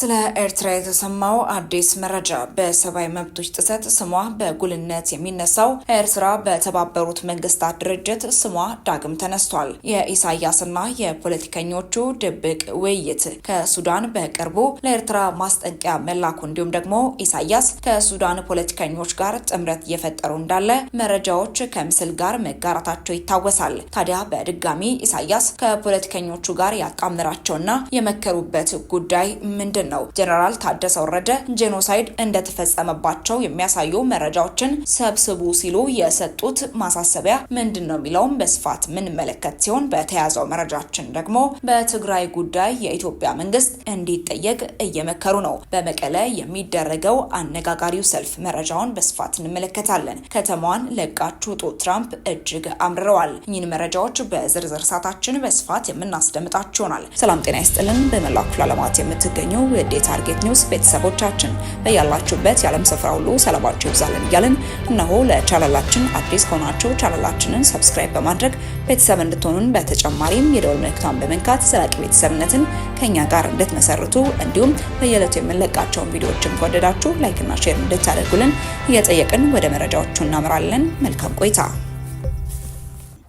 ስለ ኤርትራ የተሰማው አዲስ መረጃ በሰብአዊ መብቶች ጥሰት ስሟ በጉልነት የሚነሳው ኤርትራ በተባበሩት መንግስታት ድርጅት ስሟ ዳግም ተነስቷል። የኢሳያስና የፖለቲከኞቹ ድብቅ ውይይት ከሱዳን በቅርቡ ለኤርትራ ማስጠንቀቂያ መላኩ እንዲሁም ደግሞ ኢሳያስ ከሱዳን ፖለቲከኞች ጋር ጥምረት እየፈጠሩ እንዳለ መረጃዎች ከምስል ጋር መጋራታቸው ይታወሳል። ታዲያ በድጋሚ ኢሳያስ ከፖለቲከኞቹ ጋር ያጣምራቸውና የመከሩበት ጉዳይ ምንድን ነው። ጀነራል ታደሰ ወረደ ጄኖሳይድ እንደተፈጸመባቸው የሚያሳዩ መረጃዎችን ሰብስቡ ሲሉ የሰጡት ማሳሰቢያ ምንድን ነው የሚለውም በስፋት ምንመለከት ሲሆን በተያዘው መረጃችን ደግሞ በትግራይ ጉዳይ የኢትዮጵያ መንግስት እንዲጠየቅ እየመከሩ ነው። በመቀለ የሚደረገው አነጋጋሪው ሰልፍ መረጃውን በስፋት እንመለከታለን። ከተማዋን ለቃችሁ ውጡ ትራምፕ እጅግ አምርረዋል። እኚህን መረጃዎች በዝርዝር ሰዓታችን በስፋት የምናስደምጣችሁ ይሆናል። ሰላም ጤና ይስጥልን። በመላው ክፍለ ዓለማት የምትገኙ የውድ ታርጌት ኒውስ ቤተሰቦቻችን በያላችሁበት የዓለም ስፍራ ሁሉ ሰላማችሁ ይብዛልን እያልን እነሆ ለቻናላችን አዲስ ከሆናችሁ ቻናላችንን ሰብስክራይብ በማድረግ ቤተሰብ እንድትሆኑን፣ በተጨማሪም የደወል ምልክቷን በመንካት ዘላቂ ቤተሰብነትን ከእኛ ጋር እንድትመሰርቱ እንዲሁም በየዕለቱ የምንለቃቸውን ቪዲዮዎችን ከወደዳችሁ ላይክና ሼር እንድታደርጉልን እየጠየቅን ወደ መረጃዎቹ እናምራለን። መልካም ቆይታ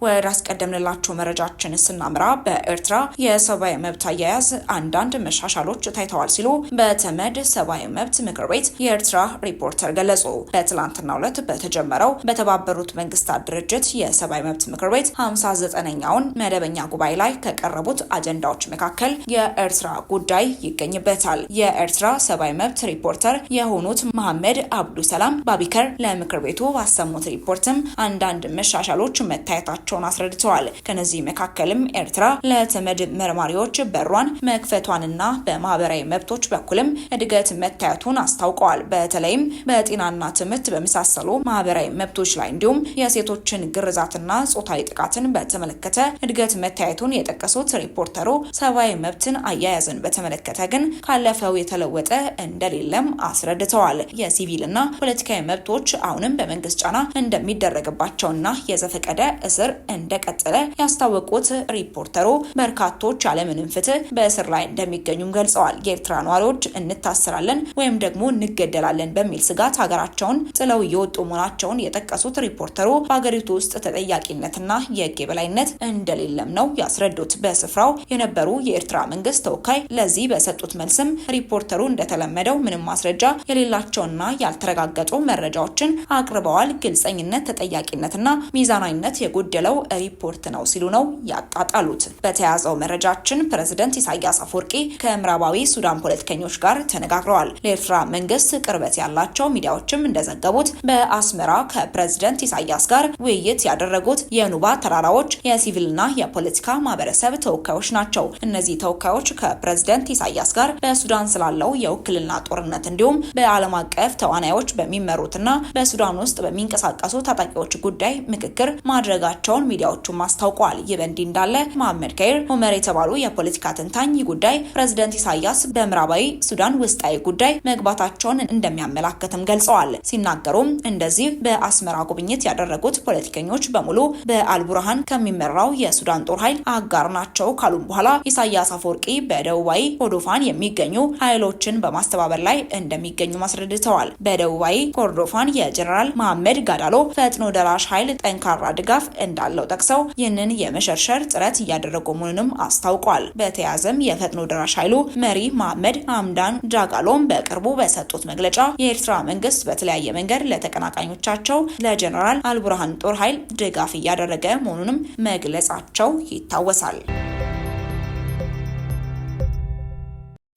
ወደ አስቀደምንላቸው መረጃችን ስናምራ በኤርትራ የሰብአዊ መብት አያያዝ አንዳንድ መሻሻሎች ታይተዋል ሲሉ በተመድ ሰብአዊ መብት ምክር ቤት የኤርትራ ሪፖርተር ገለጹ። በትላንትናው ዕለት በተጀመረው በተባበሩት መንግስታት ድርጅት የሰብአዊ መብት ምክር ቤት 59ኛውን መደበኛ ጉባኤ ላይ ከቀረቡት አጀንዳዎች መካከል የኤርትራ ጉዳይ ይገኝበታል። የኤርትራ ሰብአዊ መብት ሪፖርተር የሆኑት መሐመድ አብዱ ሰላም ባቢከር ለምክር ቤቱ ባሰሙት ሪፖርትም አንዳንድ መሻሻሎች መታየታቸው መሆናቸውን አስረድተዋል። ከነዚህ መካከልም ኤርትራ ለተመድ መርማሪዎች በሯን መክፈቷንና በማህበራዊ መብቶች በኩልም እድገት መታየቱን አስታውቀዋል። በተለይም በጤናና ትምህርት በመሳሰሉ ማህበራዊ መብቶች ላይ እንዲሁም የሴቶችን ግርዛትና ጾታዊ ጥቃትን በተመለከተ እድገት መታየቱን የጠቀሱት ሪፖርተሩ ሰብአዊ መብትን አያያዝን በተመለከተ ግን ካለፈው የተለወጠ እንደሌለም አስረድተዋል። የሲቪልና ፖለቲካዊ መብቶች አሁንም በመንግስት ጫና እንደሚደረግባቸውና የዘፈቀደ እስር እንደቀጠለ ያስታወቁት ሪፖርተሩ በርካቶች ያለምንም ፍትህ በእስር ላይ እንደሚገኙም ገልጸዋል። የኤርትራ ነዋሪዎች እንታሰራለን ወይም ደግሞ እንገደላለን በሚል ስጋት ሀገራቸውን ጥለው እየወጡ መሆናቸውን የጠቀሱት ሪፖርተሩ በሀገሪቱ ውስጥ ተጠያቂነትና የህግ የበላይነት እንደሌለም ነው ያስረዱት። በስፍራው የነበሩ የኤርትራ መንግስት ተወካይ ለዚህ በሰጡት መልስም ሪፖርተሩ እንደተለመደው ምንም ማስረጃ የሌላቸውና ያልተረጋገጡ መረጃዎችን አቅርበዋል። ግልጸኝነት፣ ተጠያቂነትና ሚዛናዊነት የጎደለው ያለው ሪፖርት ነው ሲሉ ነው ያጣጣሉት። በተያያዘው መረጃችን ፕሬዝደንት ኢሳያስ አፈወርቂ ከምዕራባዊ ሱዳን ፖለቲከኞች ጋር ተነጋግረዋል። ለኤርትራ መንግስት ቅርበት ያላቸው ሚዲያዎችም እንደዘገቡት በአስመራ ከፕሬዝደንት ኢሳያስ ጋር ውይይት ያደረጉት የኑባ ተራራዎች የሲቪልና የፖለቲካ ማህበረሰብ ተወካዮች ናቸው። እነዚህ ተወካዮች ከፕሬዝደንት ኢሳያስ ጋር በሱዳን ስላለው የውክልና ጦርነት እንዲሁም በዓለም አቀፍ ተዋናዮች በሚመሩትና በሱዳን ውስጥ በሚንቀሳቀሱ ታጣቂዎች ጉዳይ ምክክር ማድረጋቸውን መሆናቸውን ሚዲያዎቹም አስታውቀዋል። ይህ በእንዲህ እንዳለ መሐመድ ከይር ሆመር የተባሉ የፖለቲካ ተንታኝ ጉዳይ ፕሬዝደንት ኢሳያስ በምዕራባዊ ሱዳን ውስጣዊ ጉዳይ መግባታቸውን እንደሚያመላክትም ገልጸዋል። ሲናገሩም እንደዚህ በአስመራ ጉብኝት ያደረጉት ፖለቲከኞች በሙሉ በአልቡርሃን ከሚመራው የሱዳን ጦር ኃይል አጋር ናቸው ካሉም በኋላ ኢሳያስ አፈወርቂ በደቡባዊ ኮርዶፋን የሚገኙ ኃይሎችን በማስተባበር ላይ እንደሚገኙ አስረድተዋል። በደቡባዊ ኮርዶፋን የጀነራል መሐመድ ጋዳሎ ፈጥኖ ደራሽ ኃይል ጠንካራ ድጋፍ እንዳ እንዳለው ጠቅሰው ይህንን የመሸርሸር ጥረት እያደረጉ መሆኑንም አስታውቋል። በተያያዘም የፈጥኖ ደራሽ ኃይሉ መሪ መሐመድ አምዳን ዳጋሎም በቅርቡ በሰጡት መግለጫ የኤርትራ መንግስት በተለያየ መንገድ ለተቀናቃኞቻቸው ለጀነራል አልቡርሃን ጦር ኃይል ድጋፍ እያደረገ መሆኑንም መግለጻቸው ይታወሳል።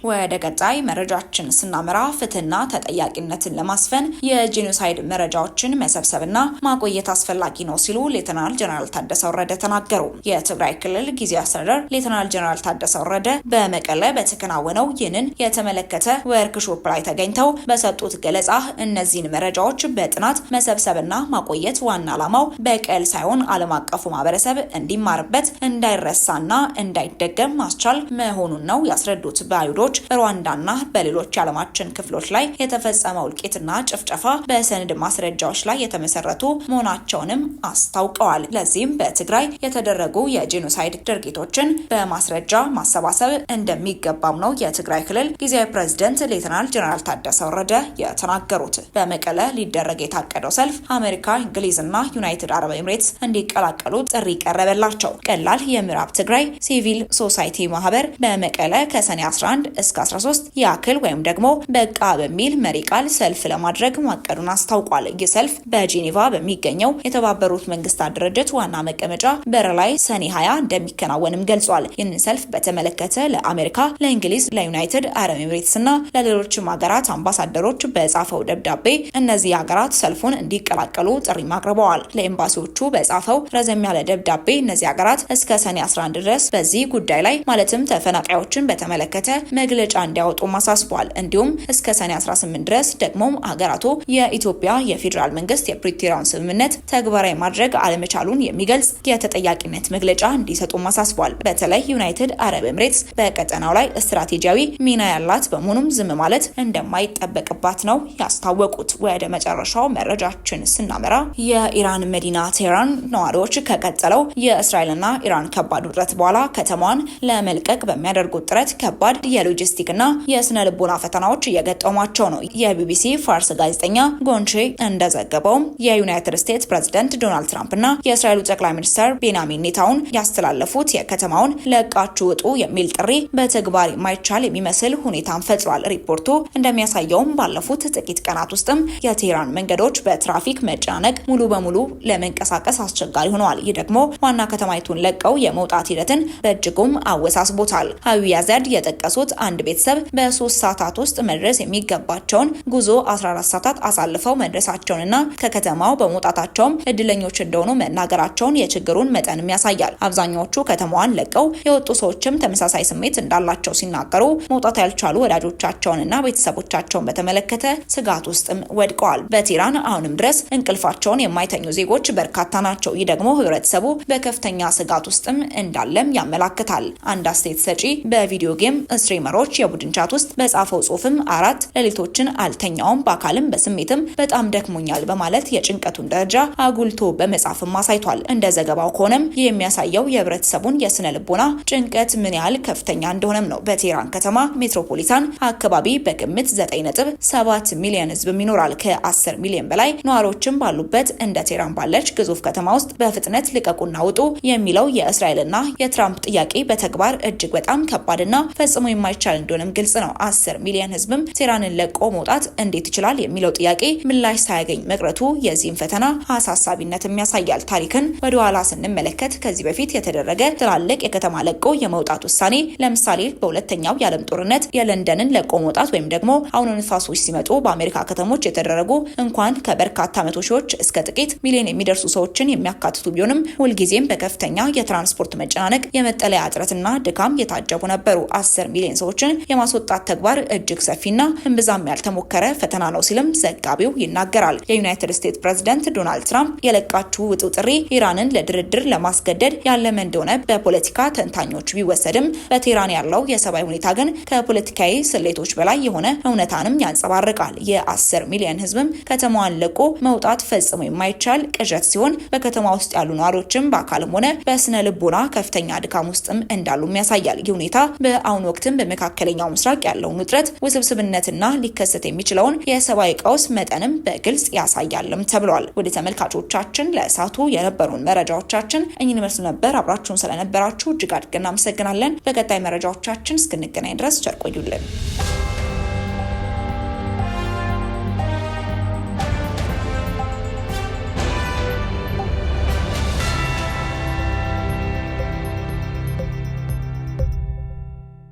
ወደ ቀጣይ መረጃችን ስናመራ ፍትህና ተጠያቂነትን ለማስፈን የጄኖሳይድ መረጃዎችን መሰብሰብና ማቆየት አስፈላጊ ነው ሲሉ ሌተናል ጀነራል ታደሰ ወረደ ተናገሩ። የትግራይ ክልል ጊዜ አስተዳደር ሌተናል ጀነራል ታደሰ ወረደ በመቀለ በተከናወነው ይህንን የተመለከተ ወርክሾፕ ላይ ተገኝተው በሰጡት ገለጻ እነዚህን መረጃዎች በጥናት መሰብሰብና ማቆየት ዋና ዓላማው በቀል ሳይሆን ዓለም አቀፉ ማህበረሰብ እንዲማርበት እንዳይረሳና እንዳይደገም ማስቻል መሆኑን ነው ያስረዱት ባይዶ ሀገሮች ሩዋንዳና በሌሎች የዓለማችን ክፍሎች ላይ የተፈጸመው እልቂትና ጭፍጨፋ በሰነድ ማስረጃዎች ላይ የተመሰረቱ መሆናቸውንም አስታውቀዋል። ለዚህም በትግራይ የተደረጉ የጄኖሳይድ ድርጊቶችን በማስረጃ ማሰባሰብ እንደሚገባም ነው የትግራይ ክልል ጊዜያዊ ፕሬዝደንት ሌተናል ጀነራል ታደሰ ወረደ የተናገሩት። በመቀለ ሊደረግ የታቀደው ሰልፍ አሜሪካ፣ እንግሊዝና ዩናይትድ አረብ ኤምሬትስ እንዲቀላቀሉ ጥሪ ቀረበላቸው። ቀላል የምዕራብ ትግራይ ሲቪል ሶሳይቲ ማህበር በመቀለ ከሰኔ 11 እስከ 13 ያክል ወይም ደግሞ በቃ በሚል መሪ ቃል ሰልፍ ለማድረግ ማቀዱን አስታውቋል። ይህ ሰልፍ በጄኔቫ በሚገኘው የተባበሩት መንግስታት ድርጅት ዋና መቀመጫ በር ላይ ሰኔ 20 እንደሚከናወንም ገልጿል። ይህንን ሰልፍ በተመለከተ ለአሜሪካ፣ ለእንግሊዝ፣ ለዩናይትድ አረብ ኤምሬትስ እና ለሌሎችም ሀገራት አምባሳደሮች በጻፈው ደብዳቤ እነዚህ ሀገራት ሰልፉን እንዲቀላቀሉ ጥሪ አቅርበዋል። ለኤምባሲዎቹ በጻፈው ረዘም ያለ ደብዳቤ እነዚህ ሀገራት እስከ ሰኔ 11 ድረስ በዚህ ጉዳይ ላይ ማለትም ተፈናቃዮችን በተመለከተ መግለጫ እንዲያወጡ አሳስቧል። እንዲሁም እስከ ሰኔ 18 ድረስ ደግሞ አገራቱ የኢትዮጵያ የፌዴራል መንግስት የፕሪቶሪያውን ስምምነት ተግባራዊ ማድረግ አለመቻሉን የሚገልጽ የተጠያቂነት መግለጫ እንዲሰጡ አሳስቧል። በተለይ ዩናይትድ አረብ ኤምሬትስ በቀጠናው ላይ ስትራቴጂያዊ ሚና ያላት በመሆኑም ዝም ማለት እንደማይጠበቅባት ነው ያስታወቁት። ወደ መጨረሻው መረጃችን ስናመራ የኢራን መዲና ቴህራን ነዋሪዎች ከቀጠለው የእስራኤልና ኢራን ከባድ ውጥረት በኋላ ከተማዋን ለመልቀቅ በሚያደርጉት ጥረት ከባድ የሉ እና የስነ ልቦና ፈተናዎች እየገጠሟቸው ነው። የቢቢሲ ፋርስ ጋዜጠኛ ጎንቼ እንደዘገበውም የዩናይትድ ስቴትስ ፕሬዚደንት ዶናልድ ትራምፕና የእስራኤሉ ጠቅላይ ሚኒስትር ቤንያሚን ኔታውን ያስተላለፉት የከተማውን ለቃችሁ ውጡ የሚል ጥሪ በተግባር የማይቻል የሚመስል ሁኔታን ፈጥሯል። ሪፖርቱ እንደሚያሳየውም ባለፉት ጥቂት ቀናት ውስጥም የቴህራን መንገዶች በትራፊክ መጨናነቅ ሙሉ በሙሉ ለመንቀሳቀስ አስቸጋሪ ሆነዋል። ይህ ደግሞ ዋና ከተማይቱን ለቀው የመውጣት ሂደትን በእጅጉም አወሳስቦታል። አዊ ያዛድ የጠቀሱት አንድ ቤተሰብ በሶስት ሰዓታት ውስጥ መድረስ የሚገባቸውን ጉዞ 14 ሰዓታት አሳልፈው መድረሳቸውንና ከከተማው በመውጣታቸውም እድለኞች እንደሆኑ መናገራቸውን የችግሩን መጠንም ያሳያል። አብዛኛዎቹ ከተማዋን ለቀው የወጡ ሰዎችም ተመሳሳይ ስሜት እንዳላቸው ሲናገሩ መውጣት ያልቻሉ ወዳጆቻቸውንና ቤተሰቦቻቸውን በተመለከተ ስጋት ውስጥም ወድቀዋል። በቲራን አሁንም ድረስ እንቅልፋቸውን የማይተኙ ዜጎች በርካታ ናቸው። ይህ ደግሞ ህብረተሰቡ በከፍተኛ ስጋት ውስጥም እንዳለም ያመላክታል። አንድ አስተያየት ሰጪ በቪዲዮ ጌም ስትሪመሮ ተማሪዎች የቡድን ቻት ውስጥ በጻፈው ጽሁፍም አራት ሌሊቶችን አልተኛውም፣ በአካልም በስሜትም በጣም ደክሞኛል በማለት የጭንቀቱን ደረጃ አጉልቶ በመጻፍም አሳይቷል። እንደ ዘገባው ከሆነም ይህ የሚያሳየው የህብረተሰቡን የስነ ልቦና ጭንቀት ምን ያህል ከፍተኛ እንደሆነም ነው። በቴህራን ከተማ ሜትሮፖሊታን አካባቢ በግምት 9.7 ሚሊዮን ህዝብም ይኖራል። ከ10 ሚሊዮን በላይ ነዋሪዎችም ባሉበት እንደ ቴህራን ባለች ግዙፍ ከተማ ውስጥ በፍጥነት ልቀቁና ውጡ የሚለው የእስራኤልና የትራምፕ ጥያቄ በተግባር እጅግ በጣም ከባድና ፈጽሞ የማይቻል የማይቻል እንደሆነም ግልጽ ነው። አስር ሚሊዮን ህዝብም ሴራንን ለቆ መውጣት እንዴት ይችላል የሚለው ጥያቄ ምላሽ ሳያገኝ መቅረቱ የዚህም ፈተና አሳሳቢነትም ያሳያል። ታሪክን ወደ ኋላ ስንመለከት ከዚህ በፊት የተደረገ ትላልቅ የከተማ ለቆ የመውጣት ውሳኔ ለምሳሌ በሁለተኛው የዓለም ጦርነት የለንደንን ለቆ መውጣት ወይም ደግሞ አሁን ንፋሶች ሲመጡ በአሜሪካ ከተሞች የተደረጉ እንኳን ከበርካታ መቶ ሺዎች እስከ ጥቂት ሚሊዮን የሚደርሱ ሰዎችን የሚያካትቱ ቢሆንም ሁልጊዜም በከፍተኛ የትራንስፖርት መጨናነቅ፣ የመጠለያ እጥረትና ድካም የታጀቡ ነበሩ። አስር ሚሊዮን ሰዎች ሰዎችን የማስወጣት ተግባር እጅግ ሰፊና እምብዛም ያልተሞከረ ፈተና ነው ሲልም ዘጋቢው ይናገራል። የዩናይትድ ስቴትስ ፕሬዝደንት ዶናልድ ትራምፕ የለቃችው ውጡ ጥሪ ኢራንን ለድርድር ለማስገደድ ያለመ እንደሆነ በፖለቲካ ተንታኞች ቢወሰድም በቴህራን ያለው የሰብአዊ ሁኔታ ግን ከፖለቲካዊ ስሌቶች በላይ የሆነ እውነታንም ያንጸባርቃል። የአስር ሚሊዮን ህዝብም ከተማዋን ለቆ መውጣት ፈጽሞ የማይቻል ቅዠት ሲሆን በከተማ ውስጥ ያሉ ነዋሪዎችም በአካልም ሆነ በስነ ልቦና ከፍተኛ ድካም ውስጥም እንዳሉም ያሳያል። ይህ ሁኔታ በአሁኑ ወቅትም በመካ በመካከለኛው ምስራቅ ያለውን ውጥረት ውስብስብነትና ሊከሰት የሚችለውን የሰብአዊ ቀውስ መጠንም በግልጽ ያሳያልም ተብሏል። ወደ ተመልካቾቻችን ለእሳቱ የነበሩን መረጃዎቻችን እኚህን ይመስሉ ነበር። አብራችሁን ስለነበራችሁ እጅግ አድርገን እናመሰግናለን። በቀጣይ መረጃዎቻችን እስክንገናኝ ድረስ ቸር ቆዩልን።